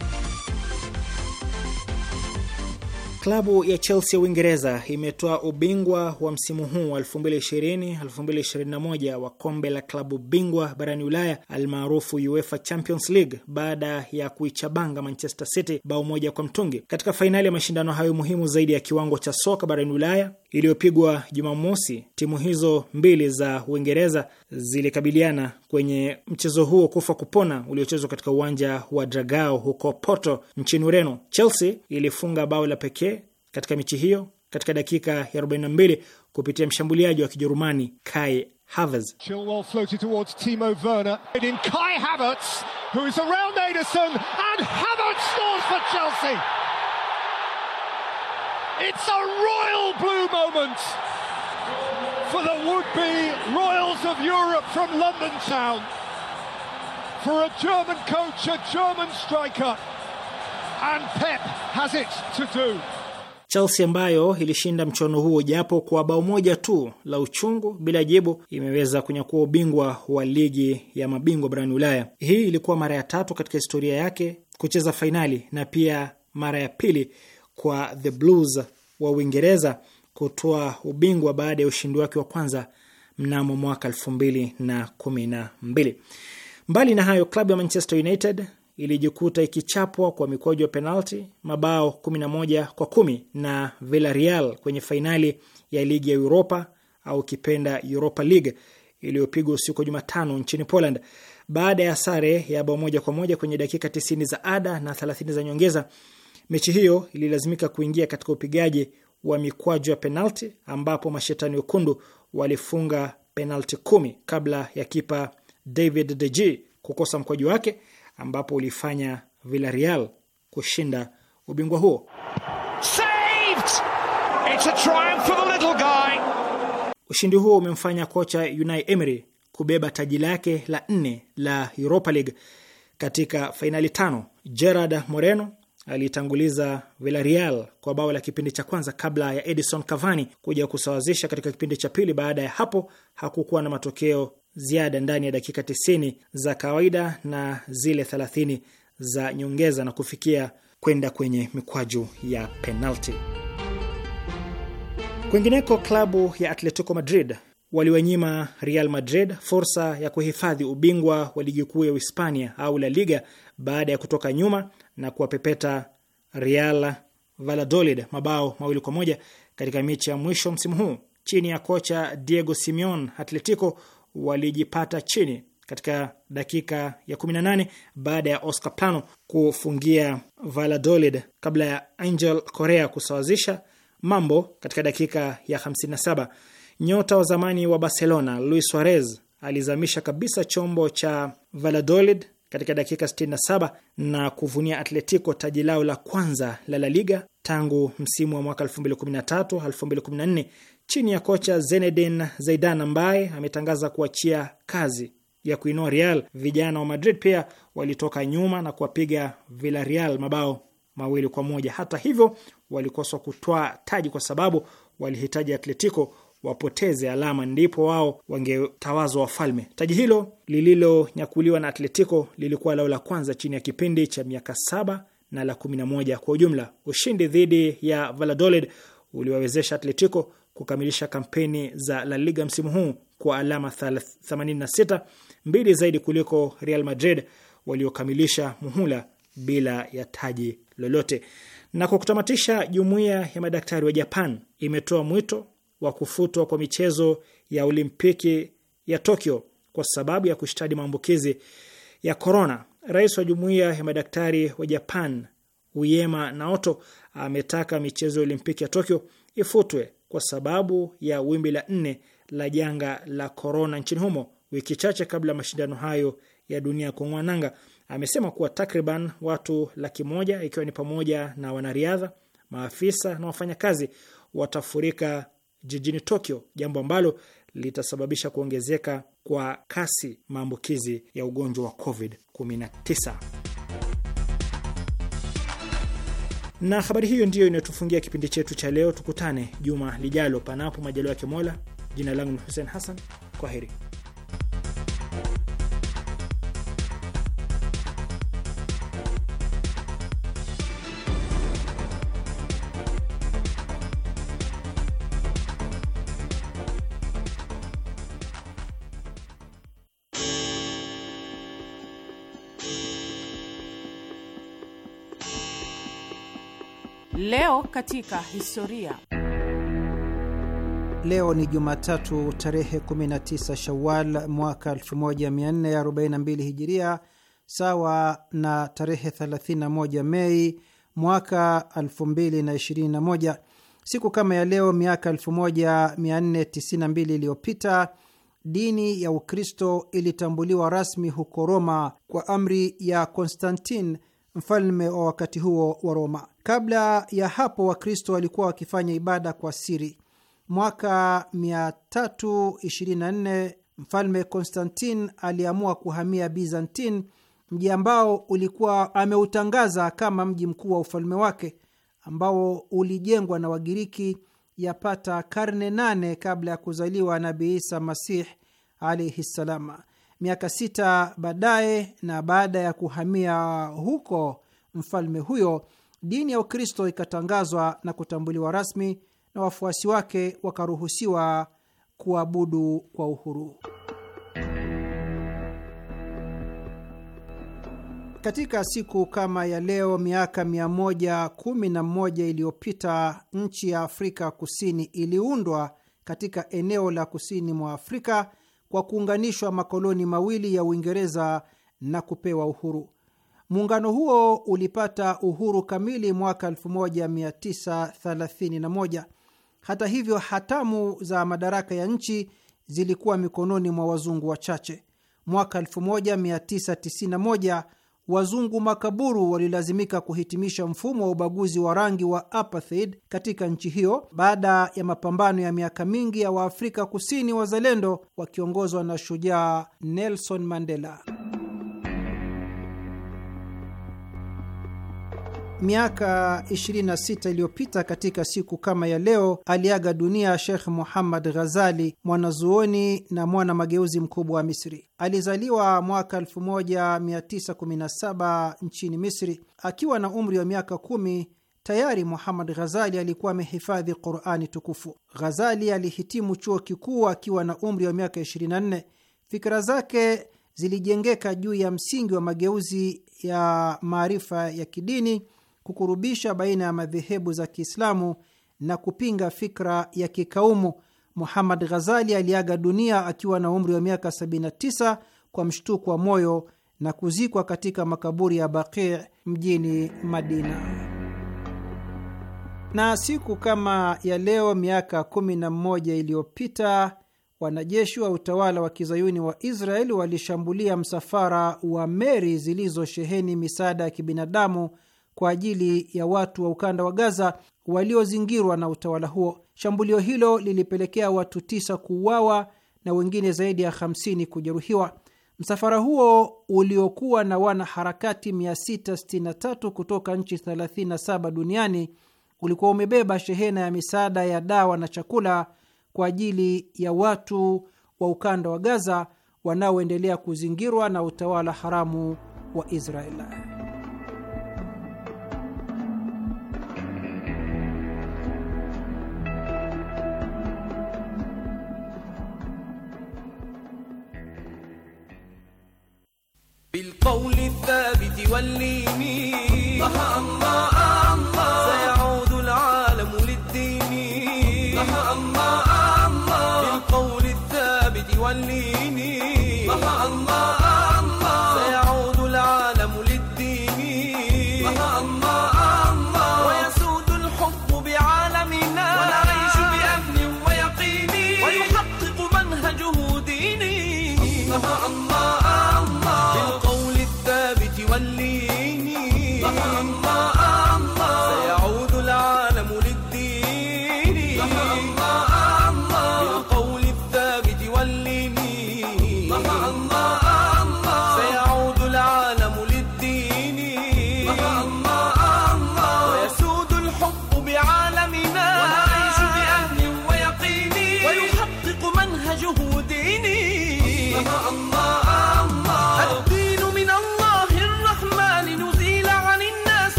Klabu ya Chelsea ya Uingereza imetoa ubingwa wa msimu huu wa 2020-2021 wa kombe la klabu bingwa barani Ulaya almaarufu UEFA Champions League baada ya kuichabanga Manchester City bao moja kwa mtungi katika fainali ya mashindano hayo muhimu zaidi ya kiwango cha soka barani Ulaya iliyopigwa Jumamosi. Timu hizo mbili za Uingereza zilikabiliana kwenye mchezo huo kufa kupona uliochezwa katika uwanja wa Dragao huko Porto nchini Ureno. Chelsea ilifunga bao la pekee katika michi hiyo katika dakika ya 42 kupitia mshambuliaji wa Kijerumani Kai Havertz. It's a royal blue moment for the would-be Royals of Europe from London Town. For a German coach, a German striker. And Pep has it to do. Chelsea ambayo ilishinda mchuano huo japo kwa bao moja tu la uchungu bila jibu, imeweza kunyakua ubingwa wa ligi ya mabingwa barani Ulaya. Hii ilikuwa mara ya tatu katika historia yake kucheza fainali na pia mara ya pili kwa the Blues wa Uingereza kutoa ubingwa baada ya ushindi wake wa kwanza mnamo mwaka 2012. Mbali na hayo, klabu ya Manchester United ilijikuta ikichapwa kwa mikwaju ya penalti mabao 11 kwa kumi na Villarreal kwenye fainali ya ligi ya Europa au kipenda Europa League iliyopigwa usiku wa Jumatano nchini Poland. Baada ya sare ya bao moja kwa moja kwenye dakika 90 za ada na 30 za nyongeza, mechi hiyo ililazimika kuingia katika upigaji wa mikwaju ya penalti ambapo mashetani wekundu walifunga penalti kumi kabla ya kipa David de Gea kukosa mkwaju wake ambapo ulifanya Villarreal kushinda ubingwa huo. Saved! It's a triumph for the little guy. Ushindi huo umemfanya kocha Unai Emery kubeba taji lake la nne la Europa League katika fainali tano. Gerard Moreno aliitanguliza Villarreal kwa bao la kipindi cha kwanza kabla ya Edison Cavani kuja kusawazisha katika kipindi cha pili. Baada ya hapo hakukuwa na matokeo ziada ndani ya dakika 90 za kawaida na zile 30 za nyongeza na kufikia kwenda kwenye mikwaju ya penalti. Kwingineko, klabu ya Atletico Madrid waliwanyima Real Madrid fursa ya kuhifadhi ubingwa wa ligi kuu ya Uhispania au La Liga baada ya kutoka nyuma na kuwapepeta Real Valladolid mabao mawili kwa moja katika mechi ya mwisho msimu huu. Chini ya kocha Diego Simeone, Atletico walijipata chini katika dakika ya 18 baada ya Oscar Plano kufungia Valladolid kabla ya Angel Correa kusawazisha mambo katika dakika ya 57. Nyota wa zamani wa Barcelona Luis Suarez alizamisha kabisa chombo cha Valladolid katika dakika 67 na kuvunia Atletico taji lao la kwanza la La Liga tangu msimu wa mwaka 2013-2014 chini ya kocha Zinedine Zidane ambaye ametangaza kuachia kazi ya kuinua Real. Vijana wa Madrid pia walitoka nyuma na kuwapiga Villarreal mabao mawili kwa moja. Hata hivyo, walikoswa kutwaa taji kwa sababu walihitaji Atletico wapoteze alama, ndipo wao wangetawazwa wafalme. Taji hilo lililonyakuliwa na Atletico lilikuwa lao la kwanza chini ya kipindi cha miaka saba na la moja kwa ujumla. Ushindi dhidi ya Valladolid uliwawezesha Atletico kukamilisha kampeni za La Liga msimu huu kwa alama 86, mbili zaidi kuliko Real Madrid waliokamilisha muhula bila ya taji lolote. Na kwa kutamatisha, jumuiya ya madaktari wa Japan imetoa mwito wa kufutwa kwa michezo ya Olimpiki ya Tokyo kwa sababu ya kushtadi maambukizi ya korona. Rais wa jumuiya ya madaktari wa Japan Uyema Naoto ametaka michezo ya Olimpiki ya Tokyo ifutwe kwa sababu ya wimbi la nne la janga la korona nchini humo, wiki chache kabla ya mashindano hayo ya dunia kung'oa nanga. Amesema kuwa takriban watu laki moja ikiwa ni pamoja na wanariadha, maafisa na wafanyakazi watafurika jijini Tokyo, jambo ambalo litasababisha kuongezeka kwa kasi maambukizi ya ugonjwa wa COVID-19. Na habari hiyo ndiyo inayotufungia kipindi chetu cha leo. Tukutane juma lijalo, panapo majaliwa ya Mola. Jina langu ni Hussein Hassan, kwa heri. Leo katika historia. Leo ni Jumatatu tarehe 19 Shawal mwaka 1442 Hijiria, sawa na tarehe 31 Mei mwaka 2021. Siku kama ya leo miaka 1492 iliyopita dini ya Ukristo ilitambuliwa rasmi huko Roma kwa amri ya Konstantin, mfalme wa wakati huo wa Roma. Kabla ya hapo Wakristo walikuwa wakifanya ibada kwa siri. Mwaka 324 mfalme Konstantin aliamua kuhamia Bizantin, mji ambao ulikuwa ameutangaza kama mji mkuu wa ufalme wake, ambao ulijengwa na Wagiriki yapata karne nane kabla ya kuzaliwa Nabi Isa Masih alaihi ssalama. Miaka sita baadaye, na baada ya kuhamia huko, mfalme huyo dini ya Ukristo ikatangazwa na kutambuliwa rasmi na wafuasi wake wakaruhusiwa kuabudu kwa uhuru. Katika siku kama ya leo miaka 111 iliyopita nchi ya Afrika Kusini iliundwa katika eneo la kusini mwa Afrika kwa kuunganishwa makoloni mawili ya Uingereza na kupewa uhuru. Muungano huo ulipata uhuru kamili mwaka 1931. Hata hivyo, hatamu za madaraka ya nchi zilikuwa mikononi mwa wazungu wachache. Mwaka 1991 wazungu makaburu walilazimika kuhitimisha mfumo wa ubaguzi wa rangi wa apartheid katika nchi hiyo baada ya mapambano ya miaka mingi ya Waafrika Kusini wazalendo wakiongozwa na shujaa Nelson Mandela. Miaka 26 iliyopita katika siku kama ya leo aliaga dunia Shekh Muhammad Ghazali, mwanazuoni na mwana mageuzi mkubwa wa Misri. Alizaliwa mwaka 1917 nchini Misri. Akiwa na umri wa miaka kumi tayari Muhammad Ghazali alikuwa amehifadhi Qurani tukufu. Ghazali alihitimu chuo kikuu akiwa na umri wa miaka 24. Fikira zake zilijengeka juu ya msingi wa mageuzi ya maarifa ya kidini kukurubisha baina ya madhehebu za Kiislamu na kupinga fikra ya kikaumu. Muhammad Ghazali aliaga dunia akiwa na umri wa miaka 79 kwa mshtuko wa moyo na kuzikwa katika makaburi ya Baqi mjini Madina. Na siku kama ya leo miaka 11 na mmoja iliyopita wanajeshi wa utawala wa kizayuni wa Israeli walishambulia msafara wa meli zilizosheheni misaada ya kibinadamu kwa ajili ya watu wa ukanda wa Gaza waliozingirwa na utawala huo. Shambulio hilo lilipelekea watu tisa kuuawa na wengine zaidi ya 50 kujeruhiwa. Msafara huo uliokuwa na wanaharakati 663 kutoka nchi 37 duniani ulikuwa umebeba shehena ya misaada ya dawa na chakula kwa ajili ya watu wa ukanda wa Gaza wanaoendelea kuzingirwa na utawala haramu wa Israeli. القول الثابت واللين الله الله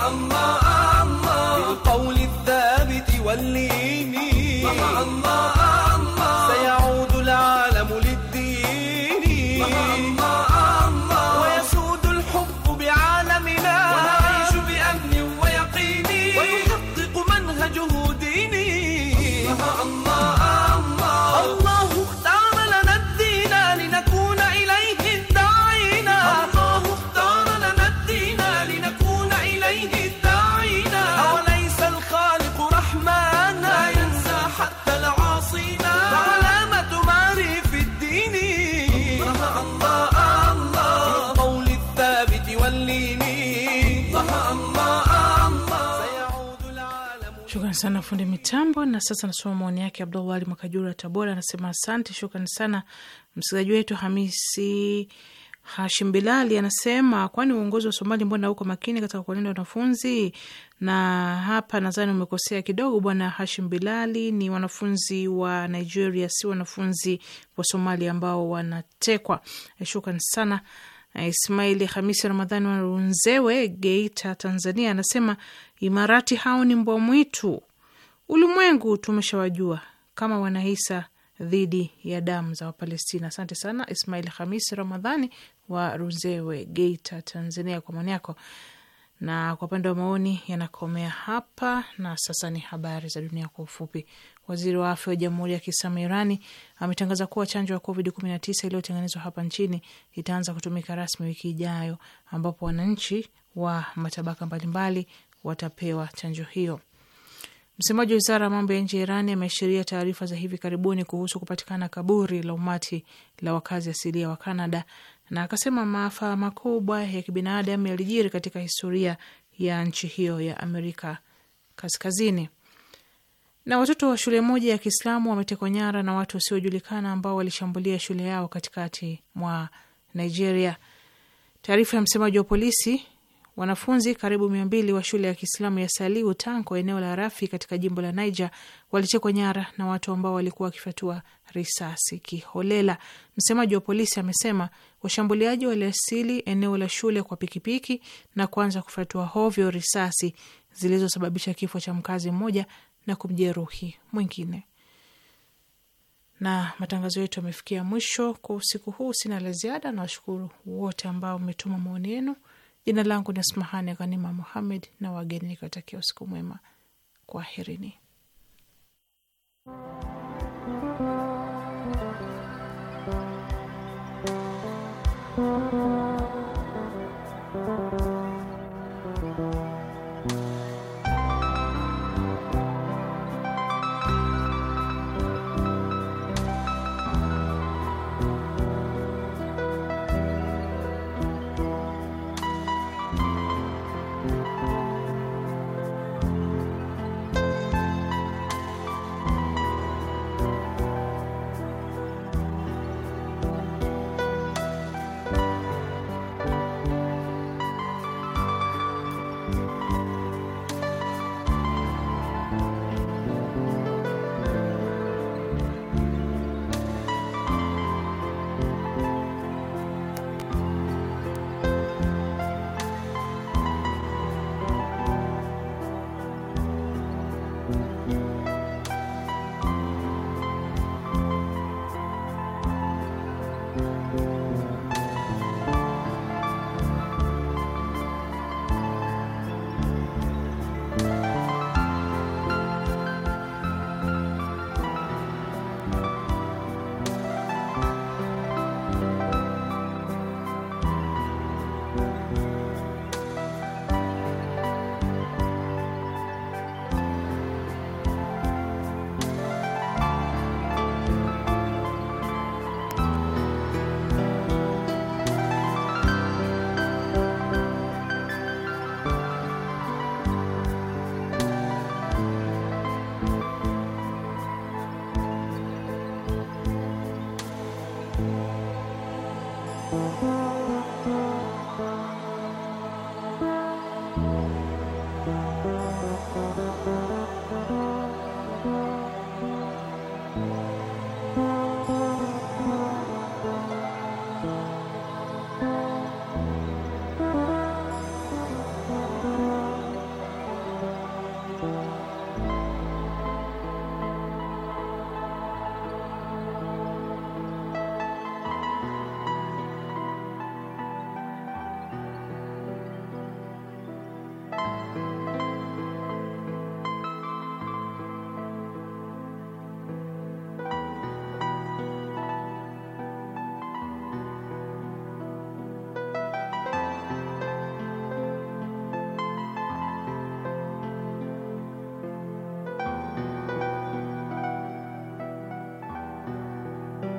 Allah sana fundi mitambo. Na sasa nasoma maoni yake. Abdullah Ali Mwakajura Tabora anasema asante, shukrani sana msikilizaji wetu Hamisi Hashim Bilali anasema kwani uongozi wa Somali mbona uko makini katika kuwalinda wanafunzi? Na hapa nadhani umekosea kidogo, bwana Hashim Bilali. Ni wanafunzi wa Nigeria, si wanafunzi wa Somali ambao wanatekwa. Eh, Shukran sana. Eh, Ismaili Hamisi Ramadhani Warunzewe, Geita, Tanzania anasema Imarati hao ni mbwa mwitu. Ulimwengu tumeshawajua kama wanahisa dhidi ya damu za Wapalestina. Asante sana Ismail hamis Ramadhani wa Ruzewe, Geita, Tanzania, kwa maoni yako. Na kwa upande wa maoni yanakomea hapa, na sasa ni habari za dunia kwa ufupi. Waziri wa afya wa Jamhuri ya Kiislamu Irani ametangaza kuwa chanjo ya Covid 19 iliyotengenezwa hapa nchini itaanza kutumika rasmi wiki ijayo, ambapo wananchi wa matabaka mbalimbali watapewa chanjo hiyo. Msemaji wa wizara ya mambo ya nje ya Irani ameashiria taarifa za hivi karibuni kuhusu kupatikana kaburi la umati la wakazi asilia wa canada na akasema maafa makubwa ya kibinadamu yalijiri katika historia ya nchi hiyo ya Amerika Kaskazini. Na watoto wa shule moja ya Kiislamu wametekwa nyara na watu wasiojulikana ambao walishambulia shule yao katikati mwa Nigeria. Taarifa ya msemaji wa polisi Wanafunzi karibu mia mbili wa shule ya Kiislamu ya Saliu Tanko, eneo la Rafi katika jimbo la Niger, walitekwa nyara na watu ambao walikuwa wakifyatua risasi kiholela. Msemaji wa polisi amesema washambuliaji waliasili eneo la shule kwa pikipiki na kuanza kufyatua hovyo risasi zilizosababisha kifo cha mkazi mmoja na kumjeruhi mwingine. Na matangazo yetu yamefikia mwisho kwa usiku huu. Sina la ziada, nawashukuru wote ambao mmetuma maoni yenu. Jina langu ni Asmahani Ghanima Muhammed na wageni nikiwatakia usiku mwema, kwaherini.